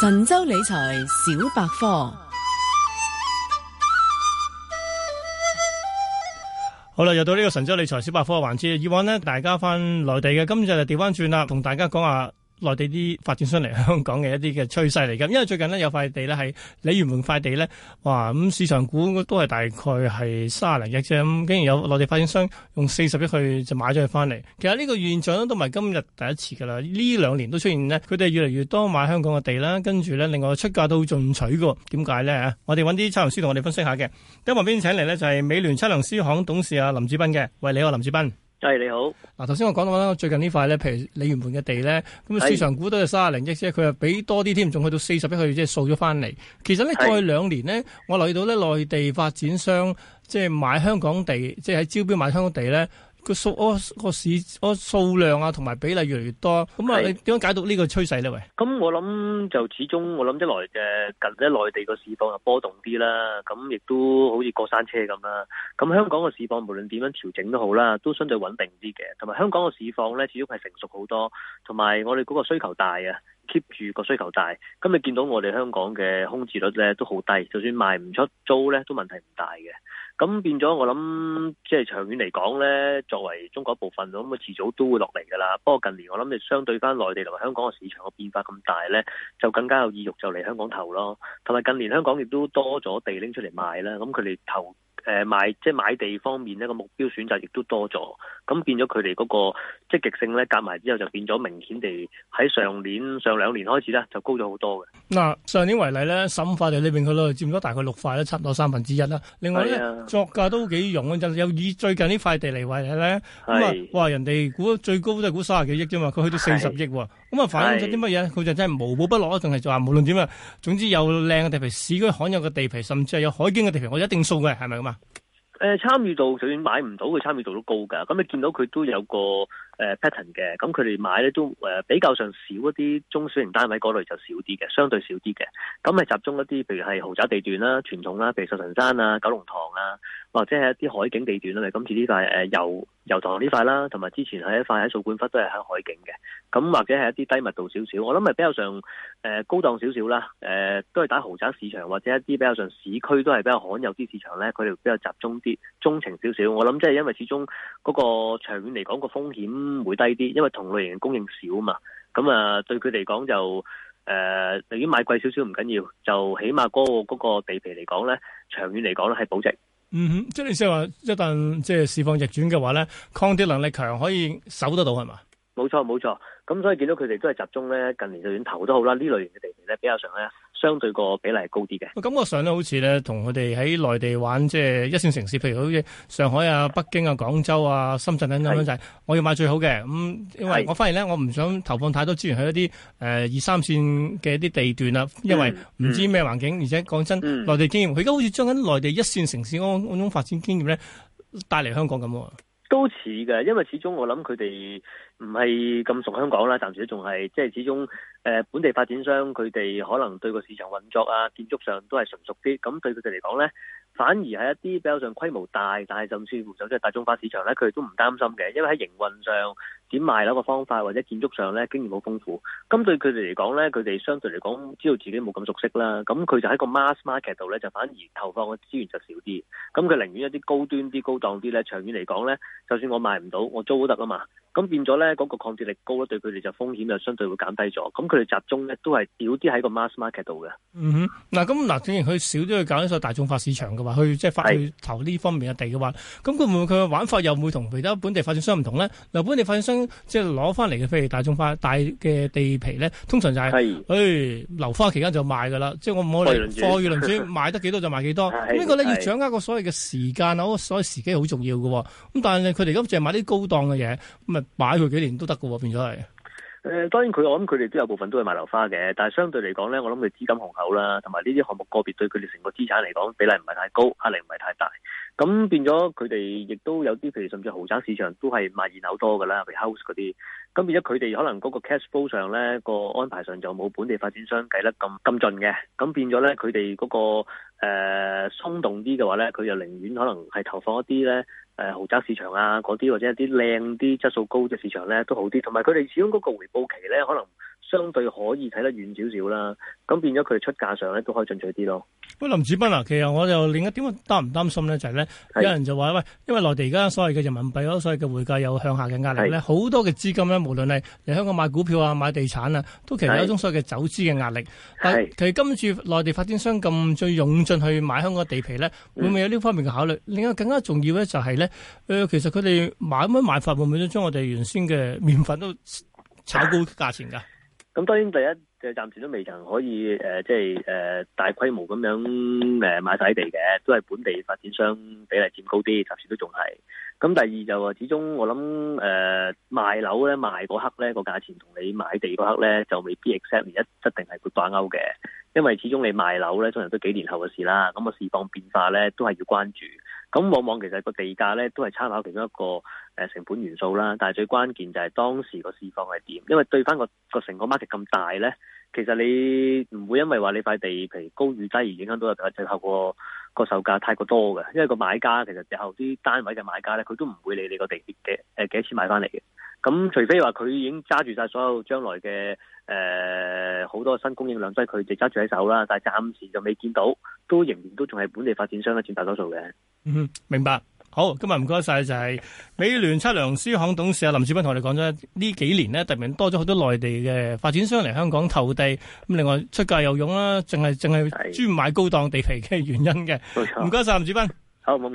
神州理財小百科，好啦，又到呢個神州理財小百科嘅環節，以往呢，大家翻內地嘅，今日就調翻轉啦，同大家講下。內地啲發展商嚟香港嘅一啲嘅趨勢嚟嘅，因為最近呢有塊地咧係鯉魚門塊地咧，哇咁市場估都係大概係三十零億啫，咁，竟然有內地發展商用四十億去就買咗佢翻嚟。其實呢個現象都唔係今日第一次㗎啦，呢兩年都出現呢，佢哋越嚟越多買香港嘅地啦，跟住咧另外出價都進取嘅。點解咧？我哋搵啲測量師同我哋分析下嘅。今日邊請嚟呢就係美聯測量師行董事啊林子彬嘅，餵你好林子彬。係你好，嗱，頭先我講到啦，最近呢塊咧，譬如鯉魚門嘅地咧，咁市場估都係三啊零億啫，佢又俾多啲添，仲去到四十億去，即係掃咗翻嚟。其實咧過去兩年呢，我留意到咧內地發展商，即係買香港地，即係喺招標買香港地咧。個數個個市個數量啊，同埋比例越嚟越多，咁啊，你點樣解讀個趨勢呢個趨勢咧？喂，咁我諗就始終我諗一來嘅，近喺內地個市況又波動啲啦，咁亦都好似過山車咁啦。咁香港個市況無論點樣調整都好啦，都相對穩定啲嘅。同埋香港個市況咧，始終係成熟好多，同埋我哋嗰個需求大啊。keep 住個需求大，咁你見到我哋香港嘅空置率咧都好低，就算賣唔出租咧都問題唔大嘅。咁變咗我諗，即係長遠嚟講咧，作為中國一部分，咁佢遲早都會落嚟㗎啦。不過近年我諗你相對翻內地同埋香港嘅市場個變化咁大咧，就更加有意欲就嚟香港投咯。同埋近年香港亦都多咗地拎出嚟賣啦，咁佢哋投。誒，買即係買地方面呢個目標選擇亦都多咗，咁變咗佢哋嗰個積極性咧，夾埋之後就變咗明顯地喺上年上兩年開始咧，就高咗好多嘅。嗱，上年為例咧，十五塊地裏邊佢都佔咗大概六塊啦，差唔多三分之一啦。另外咧、啊、作價都幾勇進，有以最近呢塊地嚟為例咧，咁話、啊、人哋估最高都係估卅幾億啫嘛，佢去到四十億喎。咁啊反映咗啲乜嘢咧？佢就真係無寶不攞，仲係就話無論點啊，總之有靚嘅地皮、市區罕有嘅地皮，甚至係有海景嘅地皮，我一定掃嘅，係咪咁啊？誒、呃，參與度就算買唔到嘅參與度都高㗎。咁你見到佢都有個。呃、pattern 嘅，咁佢哋買咧都誒、呃、比較上少一啲中小型單位嗰類就少啲嘅，相對少啲嘅。咁係集中一啲，譬如係豪宅地段啦、啊、傳統啦、啊，譬如壽臣山啊、九龍塘啊，或者係一啲海景地段啦、啊。咪今次呢塊誒、呃、油油塘呢塊啦，同埋之前喺一塊喺掃管笏都係喺海景嘅。咁或者係一啲低密度少少，我諗咪比較上誒、呃、高檔少少啦。誒、呃、都係打豪宅市場，或者一啲比較上市區都係比較罕有啲市場咧，佢哋比較集中啲，鍾情少少。我諗即係因為始終嗰、那個長遠嚟講個風險。會低啲，因為同類型供應少嘛，咁啊對佢哋講就誒、寧、呃、願買貴少少唔緊要，就起碼嗰個個地皮嚟講咧，長遠嚟講咧係保值。嗯哼，即係意思話，一旦即係市況逆轉嘅話咧，抗跌能力強可以守得到係嘛？冇錯冇錯，咁所以見到佢哋都係集中咧，近年就算投都好啦，呢類型嘅地皮咧比較常咧。相對個比例高啲嘅。我感覺上咧，好似咧，同我哋喺內地玩，即係一線城市，譬如好似上海啊、北京啊、廣州啊、深圳咁樣就係。我要買最好嘅，咁、嗯、因為我發現咧，我唔想投放太多資源喺一啲誒、呃、二三線嘅一啲地段啦。因為唔知咩環境，而且講真、嗯，內地經驗，佢而家好似將緊內地一線城市嗰嗰種發展經驗咧，帶嚟香港咁。都似嘅，因為始終我諗佢哋唔係咁熟香港啦，暫時仲係即係始終本地發展商，佢哋可能對個市場運作啊、建築上都係純熟啲，咁對佢哋嚟講呢，反而係一啲比較上規模大，但係甚至乎想即係大中華市場呢，佢哋都唔擔心嘅，因為喺營運上。點賣樓嘅方法或者建築上咧經驗好豐富，咁對佢哋嚟講咧，佢哋相對嚟講知道自己冇咁熟悉啦，咁佢就喺個 mass market 度咧，就反而投放嘅資源就少啲，咁佢寧願一啲高端啲、高檔啲咧，長遠嚟講咧，就算我賣唔到，我租都得啊嘛，咁變咗咧嗰個抗跌力高咧，對佢哋就風險就相對會減低咗，咁佢哋集中咧都係少啲喺個 mass market 度嘅。嗯哼，嗱咁嗱，既然佢少咗去搞呢個大眾化市場嘅話，去即係發去投呢方面嘅地嘅話，咁佢會唔會佢嘅玩法又會同其他本地發展商唔同咧？嗱，本地發展商。即係攞翻嚟嘅，譬如大眾化、大嘅地皮咧，通常就係、是，誒，樓、哎、花期間就賣噶啦，即係我唔可以貨如輪轉，買得幾多就賣幾多， 這個呢個咧 要掌握個所謂嘅時間啊，我所謂時機好重要嘅，咁但係佢哋而家淨係買啲高檔嘅嘢，咁咪擺佢幾年都得噶，變咗係。誒、呃，當然佢我諗佢哋都有部分都係賣樓花嘅，但係相對嚟講咧，我諗佢資金雄厚啦，同埋呢啲項目個別對佢哋成個資產嚟講比例唔係太高，壓力唔係太大。咁變咗佢哋亦都有啲，譬如甚至豪宅市場都係賣現樓多㗎啦，譬如 house 嗰啲。咁變咗，佢哋可能嗰個 cash flow 上咧、嗰個安排上就冇本地發展商計得咁咁盡嘅。咁變咗咧、嗰個，佢哋嗰個誒鬆動啲嘅話咧，佢又寧願可能係投放一啲咧、呃、豪宅市場啊嗰啲，或者一啲靚啲質素高嘅市場咧都好啲。同埋佢哋始終嗰個回報期咧可能。相對可以睇得遠少少啦，咁變咗佢哋出價上咧都可以進取啲咯。喂，林子彬啊，其實我就另一點擔唔擔心咧，就係、是、咧有人就話喂，因為內地而家所謂嘅人民幣嗰，所謂嘅匯價有向下嘅壓力咧，好多嘅資金咧，無論係嚟香港買股票啊、買地產啊，都其實有一種所謂嘅走資嘅壓力。但係其實今次內地發展商咁最湧進去買香港地皮咧，會唔會有呢方面嘅考慮、嗯？另外更加重要咧就係咧，誒、呃，其實佢哋買乜買法會唔會將我哋原先嘅麵粉都炒高價錢噶？啊咁當然第一，就暫時都未曾可以即係誒大規模咁樣誒買晒地嘅，都係本地發展商比例佔高啲，暫時都仲係。咁第二就話，始終我諗誒、呃、賣樓咧賣嗰刻咧個價錢同你買地嗰刻咧就未必 exactly 一定係會掛鈎嘅，因為始終你賣樓咧通常都幾年後嘅事啦，咁、那個市況變化咧都係要關注。咁往往其實個地價咧都係參考其中一個成本元素啦，但係最關鍵就係當時個市況係點，因為對翻個個成個 market 咁大咧，其實你唔會因為話你塊地皮高與低而影響到佢最後個售價太過多嘅，因為個買家其實最後啲單位嘅買家咧，佢都唔會理你個地嘅誒幾多錢買翻嚟嘅。咁除非話佢已經揸住晒所有將來嘅誒好多新供應量，所以佢就揸住喺手啦，但係暫時就未見到，都仍然都仲係本地發展商嘅佔大多數嘅。嗯，明白。好，今日唔該晒，就係美聯測量師行董事啊林子彬，同我哋講咗呢幾年咧，特別多咗好多內地嘅發展商嚟香港投地。咁另外出價又勇啦，淨係淨係專買高檔地皮嘅原因嘅。冇錯。唔該晒，林子彬。好，唔